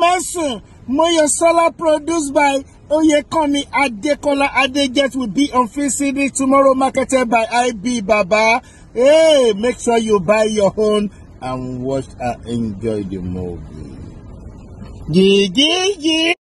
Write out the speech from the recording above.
Mason Moyosola, produced by Oyekomi Adekola Adejet, will be on Free tomorrow, marketed by IB Baba. Hey, make sure you buy your own and watch and enjoy the movie. Yeah, yeah, yeah.